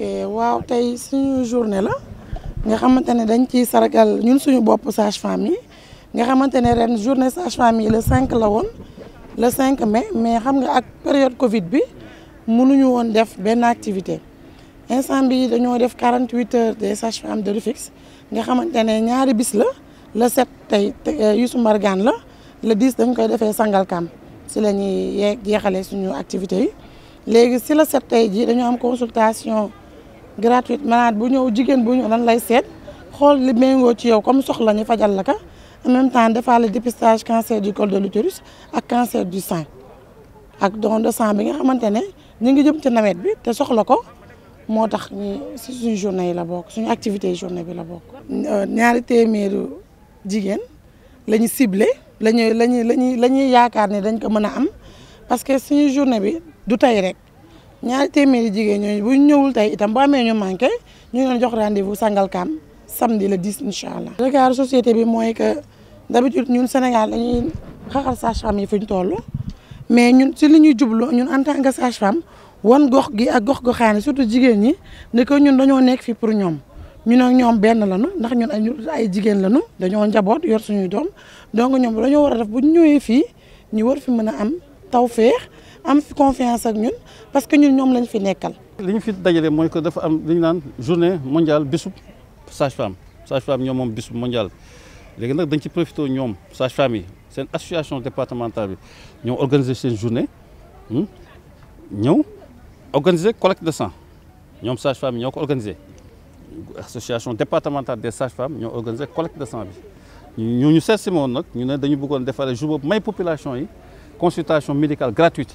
ok waaw c'est suñu journée la nga xamante ne dañ ciy sargal ñun suñu bopp sage-femme nga xamante ren journée sage-femme le 5 la le 5 mai mais xam nga ak période Covid bi mënuñu woon def benn activité instant bi dañoo def 48 heures des sages-femmes de Rufisque nga xamante ne ñaari bis la le 7 tey euh, Youssou Margan la le 10 dañ koy defee Sangalkam si la ñuy yeexalee suñu activité yi léegi si la 7 tey jii dañoo am consultation gratuite malade bu ñëw jigéen bu ñëw lan lay sét xol li mengo ci yow comme soxla ñu fajal la ka en même temps defaa la dépistage cancer du col de l'utérus ak cancer du sein ak don de sang bi nga xamante ne ñu ngi jëm ci namet bi té soxla ko motax tax ñu suñu journée la bok suñu activité journée bi la bok euh, ñaari téméru jigen lañu ñu ciblé lañu lañu lañu yaakar la dañ ko mëna am parce que suñu journée bi du tay rek. ñaari téeméeri jigéen ñooñu bu ñu ñëwul tey itam bu amee ñu manqué ñu ngi leen jox rendez-vous Sangalkam samedi la 10 incha allah. regard société bi mooy que d'habitude ñun Sénégal dañuy xaxal sage yi fu ñu toll mais ñun si li ñuy jublu ñun en tant que sage wan gox gi ak gox goxaani surtout jigéen ñi ne ñun dañoo nekk fii pour ñoom ñun ak ñoom benn lanu ndax ñun ay jigéen lañu dañoo njaboot yor suñuy doom donc ñoom dañoo war a def bu ñu ñëwee fii ñu war fi mën a am tawféex am fi confiance ak ñun parce que ñun ñom lañ fi nekkal. li fi dajalé moy que dafa am liñ nane journée mondiale bisub sage-femme sage-femme ñom moom bisub mondiale légui nak dañ ci profité ñom sage-femme yi association départementale bi ñoo organiser seen journée hmm, ñëw organiser collecte de sang ñom sage-femme ñoko organiser association départementale des sages-femmes ñoo organiser collecte de sang bi. ñu ñu sét Nous moon nag ñu né dañu bëggoon defaree jour may population yi consultation médicale gratuite.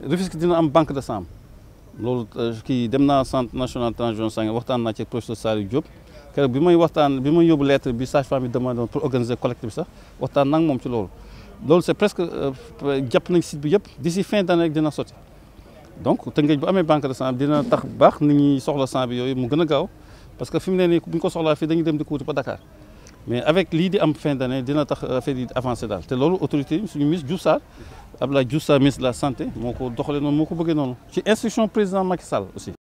que dina am banque de sang loolu euh, ki dem naa centre national transfusion sanguine waxtan na ci professeur Saliou Diop keroog bi may waxtaan bi may yóbbu lettre bi sage femme bi demande pour organiser collecte bi sax waxtan nak mom ci loolu loolu c'est presque euh, jàpp nañ site bi yëpp d'ici fin d'année rek dina sotti donc Tëngéej bu amé banque de sang dina tax bax nit ñi soxla sang bi yoy mu gëna a gaaw parce que fi mu ne nii bu ko soxla fi dañuy dem di ko wuti ba Dakar mais avec l'idée en fin d'année, dina tax affaire yi avancé autorité ministre ministre de la santé moko a non, moko non ci instruction président Macky Sall aussi